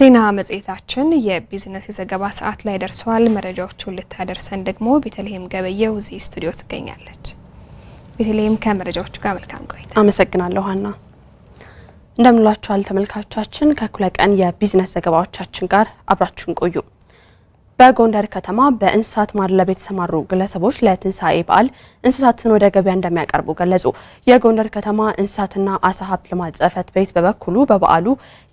ዜና መጽሔታችን የቢዝነስ የዘገባ ሰዓት ላይ ደርሰዋል። መረጃዎቹን ልታደርሰን ደግሞ ቤተልሔም ገበየው እዚህ ስቱዲዮ ትገኛለች። ቤተልሔም ከመረጃዎቹ ጋር መልካም ቆይታ። አመሰግናለሁ ሀና። እንደምንላችኋል ተመልካቾቻችን፣ ከእኩለ ቀን የቢዝነስ ዘገባዎቻችን ጋር አብራችሁን ቆዩ። በጎንደር ከተማ በእንስሳት ማድለብ የተሰማሩ ግለሰቦች ለትንሳኤ በዓል እንስሳትን ወደ ገበያ እንደሚያቀርቡ ገለጹ። የጎንደር ከተማ እንስሳትና አሳ ሀብት ልማት ጽሕፈት ቤት በበኩሉ በበዓሉ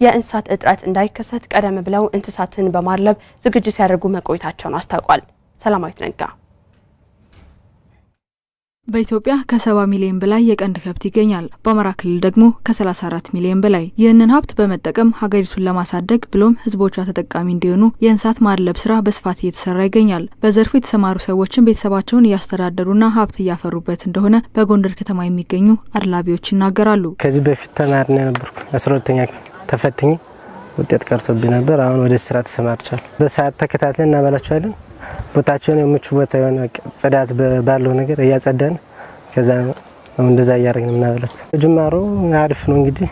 የእንስሳት እጥረት እንዳይከሰት ቀደም ብለው እንስሳትን በማድለብ ዝግጅት ሲያደርጉ መቆየታቸውን አስታውቋል። ሰላማዊት ነጋ በኢትዮጵያ ከ70 ሚሊዮን በላይ የቀንድ ከብት ይገኛል። በአማራ ክልል ደግሞ ከ34 ሚሊዮን በላይ። ይህንን ሀብት በመጠቀም ሀገሪቱን ለማሳደግ ብሎም ሕዝቦቿ ተጠቃሚ እንዲሆኑ የእንስሳት ማድለብ ስራ በስፋት እየተሰራ ይገኛል። በዘርፉ የተሰማሩ ሰዎችን ቤተሰባቸውን እያስተዳደሩና ሀብት እያፈሩበት እንደሆነ በጎንደር ከተማ የሚገኙ አድላቢዎች ይናገራሉ። ከዚህ በፊት ተማሪ ነበርኩ። አስራ ሁለተኛ ተፈትኜ ውጤት ቀርቶብኝ ነበር። አሁን ወደ ስራ ተሰማርቻለሁ። በሰዓት ተከታትለን እናበላቸዋለን። ቦታቸውን ምቹ ቦታ የሆነ ጽዳት ባለው ነገር እያጸዳን ከዛ እንደዛ እያደረግን ምናበለት ጅማሮ አሪፍ ነው እንግዲህ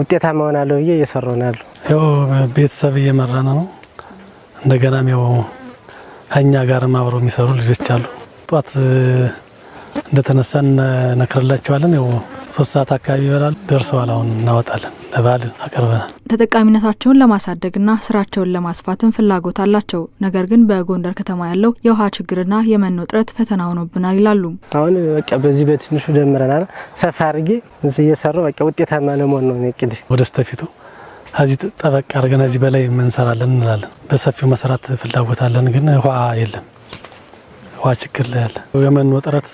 ውጤታማ ሆናለሁ ብዬ እየሰራሁ ነው ያሉ። ያው ቤተሰብ እየመራ ነው። እንደገናም ያው ከእኛ ጋርም አብረው የሚሰሩ ልጆች አሉ። ጧት እንደተነሳን እነክርላቸዋለን። ያው ሶስት ሰዓት አካባቢ ይበላል። ደርሰዋል። አሁን እናወጣለን። ለባል አቀርበናል። ተጠቃሚነታቸውን ለማሳደግና ስራቸውን ለማስፋትም ፍላጎት አላቸው። ነገር ግን በጎንደር ከተማ ያለው የውሃ ችግርና የመኖ እጥረት ፈተና ሆኖብናል ይላሉ። አሁን በቃ በዚህ በትንሹ ጀምረናል። ሰፋ አድርጌ እየሰሩ በቃ ውጤታማ ለመሆን ነው ቅድ ወደስተፊቱ ስተፊቱ እዚህ ጠበቅ አድርገን እዚህ በላይ እንሰራለን እንላለን። በሰፊው መሰራት ፍላጎት አለን፣ ግን ውሃ የለም። ውሃ ችግር ላይ ያለ የመኖ እጥረት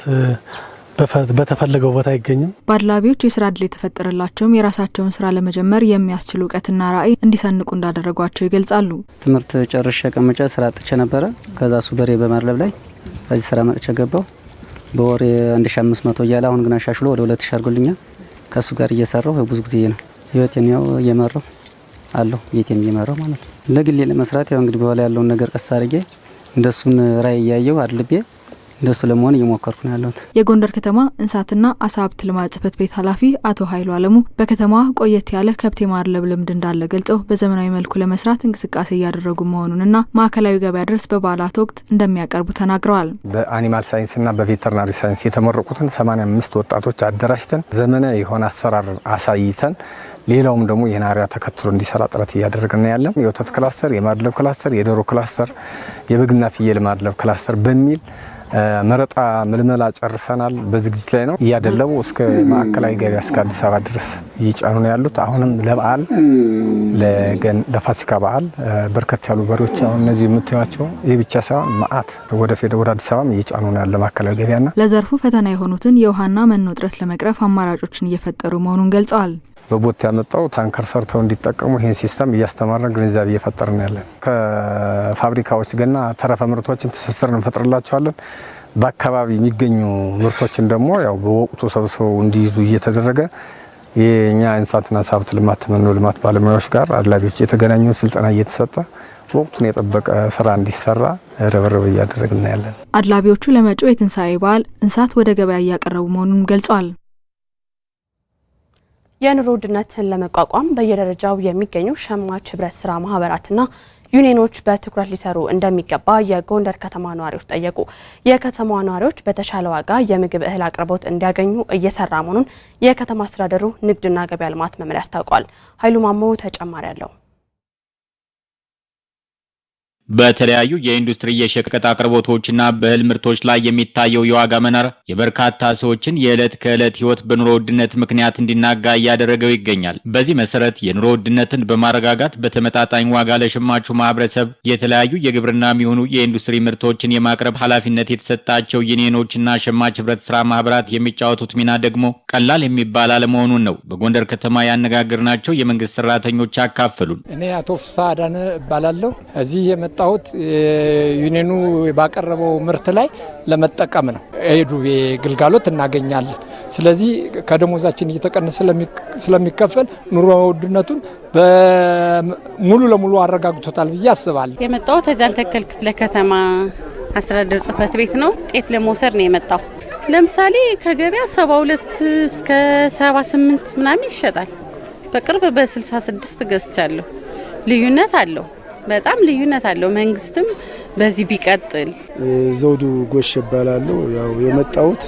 በተፈለገው ቦታ አይገኝም። በአድላቢዎች የስራ እድል የተፈጠረላቸውም የራሳቸውን ስራ ለመጀመር የሚያስችል እውቀትና ራዕይ እንዲሰንቁ እንዳደረጓቸው ይገልጻሉ። ትምህርት ጨርሼ ቀመጫ ስራ አጥቼ ነበረ። ከዛ እሱ በሬ በማድለብ ላይ ከዚህ ስራ መጥቼ ገባው። በወር 1500 እያለ አሁን ግን አሻሽሎ ወደ 2000 አድርጎልኛል። ከእሱ ጋር እየሰራው ብዙ ጊዜ ነው ህይወቴን ያው እየመራው አለሁ ቤቴን እየመራው ማለት ነው። ለግሌ ለመስራት ያው እንግዲህ በኋላ ያለውን ነገር ቀስ አድርጌ እንደሱን ራዕይ እያየው አድልቤ እንደሱ ለመሆን እየሞከርኩ ነው ያለሁት። የጎንደር ከተማ እንስሳትና አሳ ሀብት ልማት ጽህፈት ቤት ኃላፊ አቶ ሀይሉ አለሙ በከተማዋ ቆየት ያለ ከብት የማድለብ ልምድ እንዳለ ገልጸው በዘመናዊ መልኩ ለመስራት እንቅስቃሴ እያደረጉ መሆኑንና ማዕከላዊ ገበያ ድረስ በበዓላት ወቅት እንደሚያቀርቡ ተናግረዋል። በአኒማል ሳይንስና በቬተርናሪ ሳይንስ የተመረቁትን 85 ወጣቶች አደራጅተን ዘመናዊ የሆነ አሰራር አሳይተን ሌላውም ደግሞ ይህን አርያ ተከትሎ እንዲሰራ ጥረት እያደረግን ያለን የወተት ክላስተር፣ የማድለብ ክላስተር፣ የዶሮ ክላስተር፣ የበግና ፍየል ማድለብ ክላስተር በሚል መረጣ ምልመላ ጨርሰናል። በዝግጅት ላይ ነው እያደለቡ እስከ ማዕከላዊ ገበያ እስከ አዲስ አበባ ድረስ እየጫኑ ነው ያሉት። አሁንም ለበዓል ለፋሲካ በዓል በርከት ያሉ በሬዎች አሁን እነዚህ የምታዩቸው ይህ ብቻ ሳይሆን ማአት ወደ ፌደ ወደ አዲስ አበባም እየጫኑ ነው ያለ ማዕከላዊ ና ለዘርፉ ፈተና የሆኑትን የውሃና መኖ እጥረት ለመቅረፍ አማራጮችን እየፈጠሩ መሆኑን ገልጸዋል። በቦት ያመጣው ታንከር ሰርተው እንዲጠቀሙ ይህን ሲስተም እያስተማረ ግንዛቤ እየፈጠርን ያለን ከፋብሪካዎች ገና ተረፈ ምርቶችን ትስስር እንፈጥርላቸዋለን። በአካባቢ የሚገኙ ምርቶችን ደግሞ ያው በወቅቱ ሰብስበው እንዲይዙ እየተደረገ የእኛ እንስሳትና ዓሳ ሀብት ልማት መኖ ልማት ባለሙያዎች ጋር አድላቢዎች የተገናኙ ስልጠና እየተሰጠ ወቅቱን የጠበቀ ስራ እንዲሰራ ርብርብ እያደረግን ያለን። አድላቢዎቹ ለመጪው የትንሣኤ በዓል እንስሳት ወደ ገበያ እያቀረቡ መሆኑን ገልጿል። የኑሮ ውድነትን ለመቋቋም በየደረጃው የሚገኙ ሸማች ህብረት ስራ ማህበራትና ዩኒየኖች በትኩረት ሊሰሩ እንደሚገባ የጎንደር ከተማ ነዋሪዎች ጠየቁ። የከተማዋ ነዋሪዎች በተሻለ ዋጋ የምግብ እህል አቅርቦት እንዲያገኙ እየሰራ መሆኑን የከተማ አስተዳደሩ ንግድና ገበያ ልማት መምሪያ አስታውቋል። ኃይሉ ማሞ ተጨማሪ አለው። በተለያዩ የኢንዱስትሪ የሸቀጥ አቅርቦቶችና በእህል ምርቶች ላይ የሚታየው የዋጋ መናር የበርካታ ሰዎችን የዕለት ከዕለት ህይወት በኑሮ ውድነት ምክንያት እንዲናጋ እያደረገው ይገኛል። በዚህ መሰረት የኑሮ ውድነትን በማረጋጋት በተመጣጣኝ ዋጋ ለሸማቹ ማህበረሰብ የተለያዩ የግብርና የሚሆኑ የኢንዱስትሪ ምርቶችን የማቅረብ ኃላፊነት የተሰጣቸው ዩኒየኖችና ሸማች ህብረት ስራ ማህበራት የሚጫወቱት ሚና ደግሞ ቀላል የሚባል አለመሆኑን ነው በጎንደር ከተማ ናቸው የመንግስት ሰራተኞች አካፈሉን። እኔ አቶ ፍሳ አዳነ እባላለሁ። እዚህ የመጣ የመጣሁት ዩኔኑ ባቀረበው ምርት ላይ ለመጠቀም ነው። የዱቤ ግልጋሎት እናገኛለን። ስለዚህ ከደሞዛችን እየተቀነሰ ስለሚከፈል ኑሮ ውድነቱን ሙሉ ለሙሉ አረጋግቶታል ብዬ አስባለሁ። የመጣሁት ተጃን ተከል ክፍለ ከተማ አስተዳደር ጽህፈት ቤት ነው። ጤፍ ለመውሰድ ነው የመጣው። ለምሳሌ ከገበያ 72 እስከ 78 ምናምን ይሸጣል። በቅርብ በ66 ገዝቻለሁ። ልዩነት አለው። በጣም ልዩነት አለው። መንግስትም በዚህ ቢቀጥል። ዘውዱ ጎሽ ይባላለሁ። ያው የመጣሁት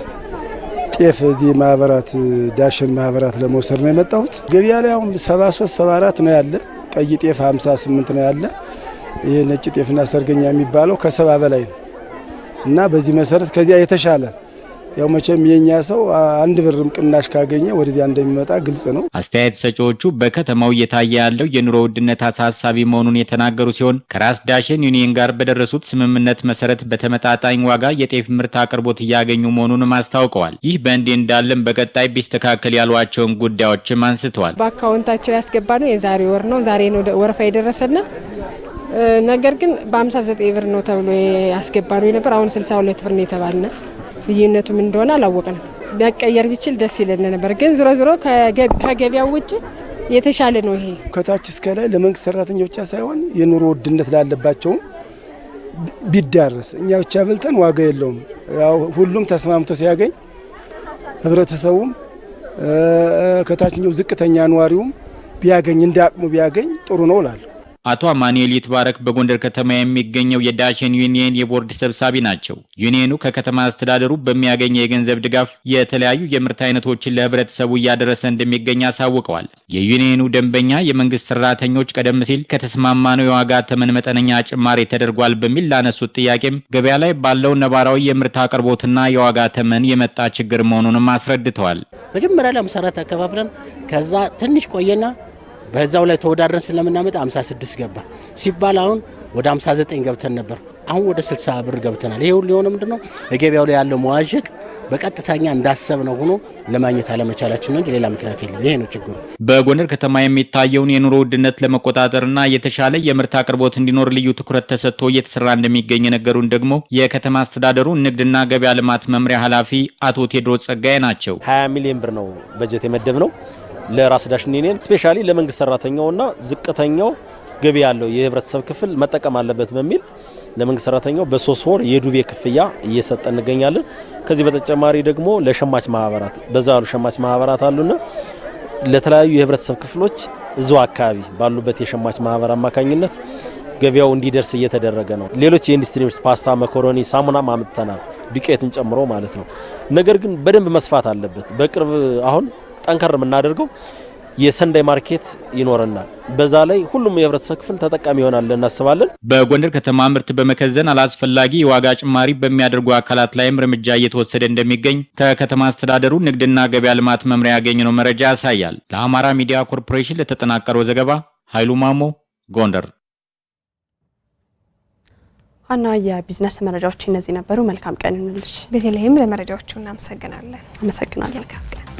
ጤፍ እዚህ ማህበራት ዳሽን ማህበራት ለመውሰድ ነው የመጣሁት። ገበያ ላይ አሁን 73 74 ነው ያለ። ቀይ ጤፍ 58 ነው ያለ። ይህ ነጭ ጤፍና ሰርገኛ የሚባለው ከሰባ በላይ ነው እና በዚህ መሰረት ከዚያ የተሻለ ያው መቼም የኛ ሰው አንድ ብርም ቅናሽ ካገኘ ወደዚያ እንደሚመጣ ግልጽ ነው። አስተያየት ሰጪዎቹ በከተማው እየታየ ያለው የኑሮ ውድነት አሳሳቢ መሆኑን የተናገሩ ሲሆን ከራስ ዳሽን ዩኒየን ጋር በደረሱት ስምምነት መሰረት በተመጣጣኝ ዋጋ የጤፍ ምርት አቅርቦት እያገኙ መሆኑንም አስታውቀዋል። ይህ በእንዲህ እንዳለም በቀጣይ ቢስተካከል ያሏቸውን ጉዳዮችም አንስተዋል። በአካውንታቸው ያስገባ ነው የዛሬ ወር ነው ዛሬ ነው ወረፋ የደረሰልን ነገር ግን በ59 ብር ነው ተብሎ ያስገባ ነው የነበር አሁን 62 ብር ነው የተባልነው ልዩነቱ ምን እንደሆነ አላወቅንም። መቀየር ቢችል ደስ ይለን ነበር፣ ግን ዞሮ ዞሮ ከገበያው ውጭ የተሻለ ነው። ይሄ ከታች እስከ ላይ ለመንግስት ሰራተኛ ብቻ ሳይሆን የኑሮ ውድነት ላለባቸውም ቢዳረስ እኛ ብቻ በልተን ዋጋ የለውም። ያው ሁሉም ተስማምቶ ሲያገኝ ህብረተሰቡም ከታችኛው ዝቅተኛ ነዋሪውም ቢያገኝ አቅሙ ቢያገኝ ጥሩ ነው እላለሁ። አቶ አማኑኤል ይትባረክ በጎንደር ከተማ የሚገኘው የዳሽን ዩኒየን የቦርድ ሰብሳቢ ናቸው። ዩኒየኑ ከከተማ አስተዳደሩ በሚያገኘ የገንዘብ ድጋፍ የተለያዩ የምርት አይነቶችን ለህብረተሰቡ እያደረሰ እንደሚገኝ አሳውቀዋል። የዩኒየኑ ደንበኛ የመንግስት ሰራተኞች ቀደም ሲል ከተስማማነው የዋጋ ተመን መጠነኛ ጭማሪ ተደርጓል በሚል ላነሱት ጥያቄም ገበያ ላይ ባለው ነባራዊ የምርት አቅርቦትና የዋጋ ተመን የመጣ ችግር መሆኑንም አስረድተዋል። መጀመሪያ ላይ አከፋፍለን ከዛ ትንሽ ቆየና በዛው ላይ ተወዳድረን ስለምናመጣ 56 ገባ ሲባል አሁን ወደ 59 ገብተን ነበር። አሁን ወደ 60 ብር ገብተናል። ይሄ ሁሉ የሆነ ምንድነው በገበያው ላይ ያለው መዋዠቅ በቀጥተኛ እንዳሰብነው ሆኖ ለማግኘት አለመቻላችን ነው እንጂ ሌላ ምክንያት የለም። ይሄ ነው ችግሩ። በጎንደር ከተማ የሚታየውን የኑሮ ውድነት ለመቆጣጠርና የተሻለ የምርት አቅርቦት እንዲኖር ልዩ ትኩረት ተሰጥቶ እየተሰራ እንደሚገኝ የነገሩን ደግሞ የከተማ አስተዳደሩ ንግድና ገበያ ልማት መምሪያ ኃላፊ አቶ ቴድሮስ ጸጋዬ ናቸው። 20 ሚሊዮን ብር ነው በጀት የመደብ ነው ለራስ ዳሽን ዩኒየን ስፔሻሊ ለመንግስት ሰራተኛውና ዝቅተኛው ገቢ ያለው የህብረተሰብ ክፍል መጠቀም አለበት በሚል ለመንግስት ሰራተኛው በሶስት ወር የዱቤ ክፍያ እየሰጠ እንገኛለን። ከዚህ በተጨማሪ ደግሞ ለሸማች ማህበራት በዛ ያሉ ሸማች ማህበራት አሉና ለተለያዩ የህብረተሰብ ክፍሎች እዛው አካባቢ ባሉበት የሸማች ማህበር አማካኝነት ገበያው እንዲደርስ እየተደረገ ነው። ሌሎች የኢንዱስትሪ ፓስታ፣ መኮሮኒ፣ ሳሙናም አምጥተናል ዱቄትን ጨምሮ ማለት ነው። ነገር ግን በደንብ መስፋት አለበት። በቅርብ አሁን ጠንከር የምናደርገው የሰንዳይ ማርኬት ይኖረናል። በዛ ላይ ሁሉም የህብረተሰብ ክፍል ተጠቃሚ ይሆናል እናስባለን። በጎንደር ከተማ ምርት በመከዘን አላስፈላጊ የዋጋ ጭማሪ በሚያደርጉ አካላት ላይም እርምጃ እየተወሰደ እንደሚገኝ ከከተማ አስተዳደሩ ንግድና ገበያ ልማት መምሪያ ያገኘነው መረጃ ያሳያል። ለአማራ ሚዲያ ኮርፖሬሽን ለተጠናቀረው ዘገባ ኃይሉ ማሞ ጎንደር። ዋና የቢዝነስ መረጃዎች እነዚህ ነበሩ። መልካም ቀን እንልሽ። በተለይም ለመረጃዎቹ እናመሰግናለን። አመሰግናለን። መልካም ቀን